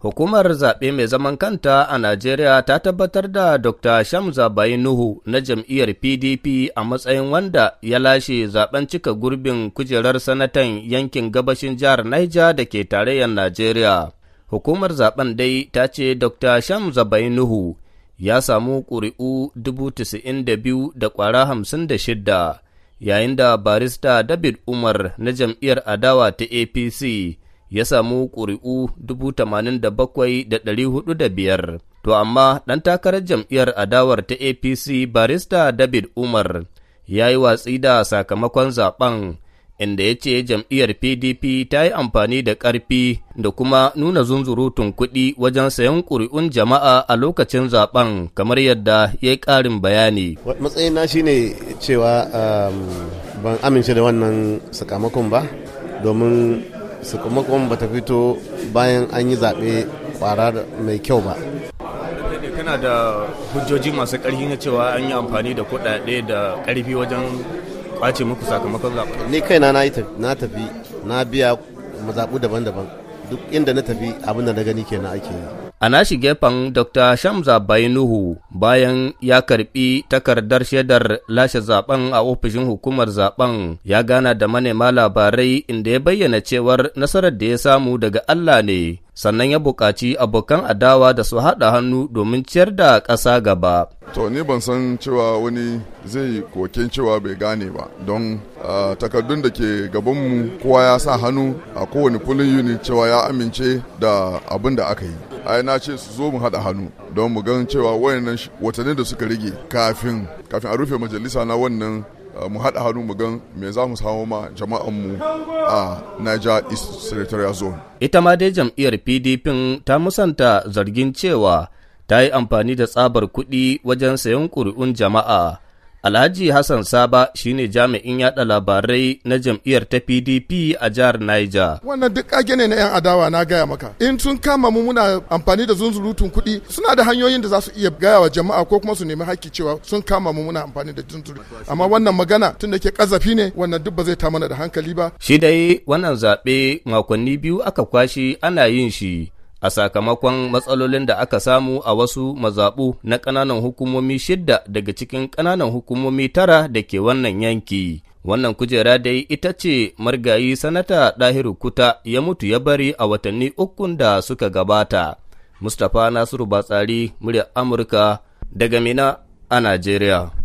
Hukumar zaɓe mai zaman kanta a Najeriya ta tabbatar da Dr. Shamza Nuhu na jam'iyyar PDP a matsayin wanda ya lashe zaɓen cika gurbin kujerar sanatan yankin gabashin jihar Niger da ke tarayyar Najeriya. Hukumar zaɓen dai ta ce Dr. Shamza Nuhu ya samu ƙuri'u biyu da ƙwara shidda, yayin da barista David Umar na jam'iyyar adawa ta APC ya samu ƙuri'u biyar, to amma ɗan takarar jam'iyyar adawar ta APC barista David Umar ya yi watsi da sakamakon zaben inda ya ce jam'iyyar PDP ta yi amfani da ƙarfi da kuma nuna zunzurutun kuɗi wajen sayan ƙuri'un jama'a a lokacin zaben kamar yadda ya yi ƙarin bayani. Matsayina ne cewa um, ban amince da wannan sakamakon ba domin sakamakon bata fito bayan an yi zaɓe kwara mai kyau ba kana da hujjoji masu ƙarfi na cewa an yi amfani da kuɗaɗe da ƙarfi wajen kwace muku sakamakon zaɓe ni kaina na tafi na biya mazaɓu daban-daban duk inda na tafi abin da na gani kenan ake yi A nashi gefen Dr. Shamza Bainuhu bayan ya karbi takardar shaidar lashe zaben a ofishin hukumar zaben ya gana da manema labarai inda ya bayyana cewar nasarar da ya samu daga Allah ne sannan ya buƙaci abokan adawa da su haɗa hannu domin ciyar da ƙasa gaba. To ni ban san cewa wani zai koken cewa bai gane ba don takardun da ke gabanmu kowa ya sa hannu a kowane fulin yuni cewa ya amince da abin da aka yi. Ai na ce su zo mu haɗa hannu don mu gan cewa wayannan watanni da suka rage kafin a rufe majalisa na wannan Eh, mu haɗa hannu mu gan me za mu samu ma jama'anmu a Niger East Senatorial Zone. Ita ma dai jam'iyyar PDP ta musanta zargin cewa ta yi amfani da tsabar kuɗi wajen sayan ƙuri'un jama'a. Alhaji Hassan Saba shine jami'in yada labarai na jam'iyyar ta PDP a jihar Niger. Wannan duk kage ne na 'yan adawa na gaya maka. In sun kama mu muna amfani da zunzurutun kuɗi suna da hanyoyin da za su iya gaya wa jama'a ko kuma su nemi haƙƙi cewa sun kama mu muna amfani da zunzuru. Amma wannan magana tun da ke kazafi ne wannan duk ba zai ta mana da hankali ba. Shi dai wannan zaɓe makonni biyu aka kwashi ana yin shi. a sakamakon matsalolin da aka samu a wasu mazaɓu na ƙananan hukumomi shidda daga cikin ƙananan hukumomi tara da ke wannan yanki. Wannan kujera dai ita ce margayi sanata ɗahiru kuta ya mutu ya bari a watanni ukun da suka gabata. Mustapha Nasiru Batsari, muryar Amurka, daga Mina a Najeriya.